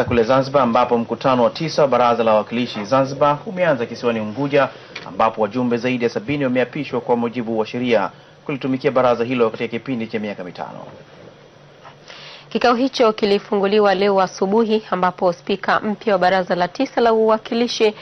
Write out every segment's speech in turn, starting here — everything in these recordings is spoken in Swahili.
Sasa kule Zanzibar ambapo mkutano wa tisa wa baraza la wawakilishi Zanzibar umeanza kisiwani Unguja ambapo wajumbe zaidi ya sabini wameapishwa kwa mujibu wa sheria kulitumikia baraza hilo katika kipindi cha miaka mitano. Kikao hicho kilifunguliwa leo asubuhi ambapo spika mpya wa baraza la tisa la uwakilishi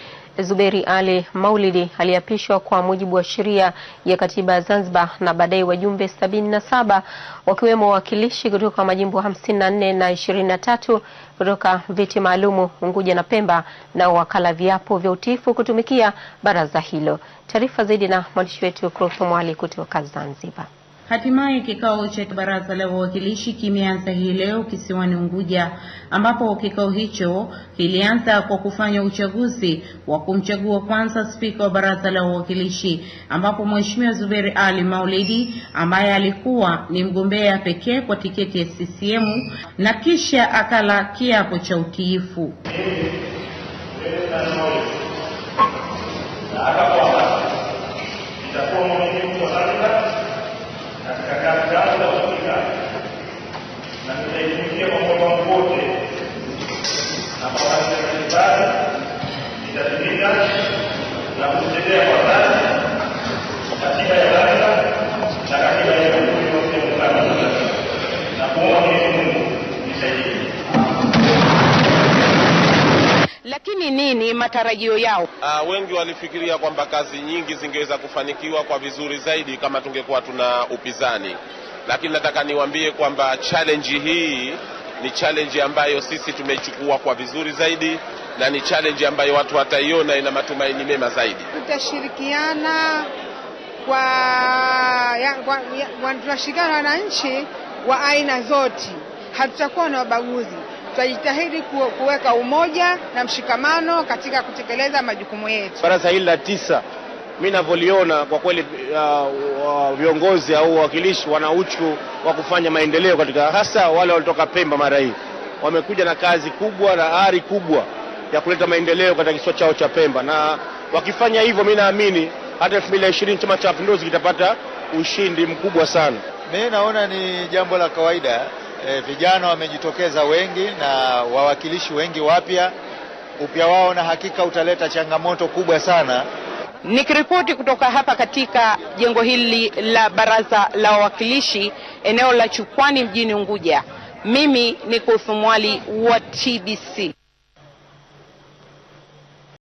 Zuberi Ali Maulidi aliapishwa kwa mujibu wa sheria ya katiba ya Zanzibar na baadaye wajumbe sabini na saba wakiwemo wawakilishi kutoka majimbo hamsini na nne na ishirini na tatu kutoka viti maalumu Unguja na Pemba na wakala viapo vya utiifu kutumikia baraza hilo. Taarifa zaidi na mwandishi wetu Kulthum Mwali kutoka Zanzibar. Hatimaye kikao cha baraza la wawakilishi kimeanza hii leo kisiwani Unguja, ambapo kikao hicho kilianza kwa kufanya uchaguzi wa kumchagua kwanza spika wa baraza la wawakilishi, ambapo Mheshimiwa Zuberi Ali Maulidi ambaye alikuwa ni mgombea pekee kwa tiketi ya CCM na kisha akala kiapo cha utiifu nini matarajio yao? Aa, ah, wengi walifikiria kwamba kazi nyingi zingeweza kufanikiwa kwa vizuri zaidi kama tungekuwa tuna upinzani, lakini nataka niwaambie kwamba challenge hii ni challenge ambayo sisi tumeichukua kwa vizuri zaidi na ni challenge ambayo watu wataiona ina matumaini mema zaidi. Tutashirikiana kwa, ya, kwa, ya, tunashirikiana wananchi wa aina zote, hatutakuwa na ubaguzi tutajitahidi kuweka umoja na mshikamano katika kutekeleza majukumu yetu. Baraza hili la tisa mi navyoliona kwa kweli, uh, uh, viongozi au wawakilishi wana uchu wa kufanya maendeleo katika, hasa wale walitoka Pemba mara hii wamekuja na kazi kubwa na ari kubwa ya kuleta maendeleo katika kisiwa chao cha Pemba, na wakifanya hivyo, mi naamini hata 2020 Chama cha Mapinduzi kitapata ushindi mkubwa sana. Mi naona ni jambo la kawaida e, vijana wamejitokeza wengi na wawakilishi wengi wapya. Upya wao na hakika utaleta changamoto kubwa sana. Nikiripoti kutoka hapa katika jengo hili la Baraza la Wawakilishi eneo la Chukwani mjini Unguja, mimi ni Kulthum wa TBC.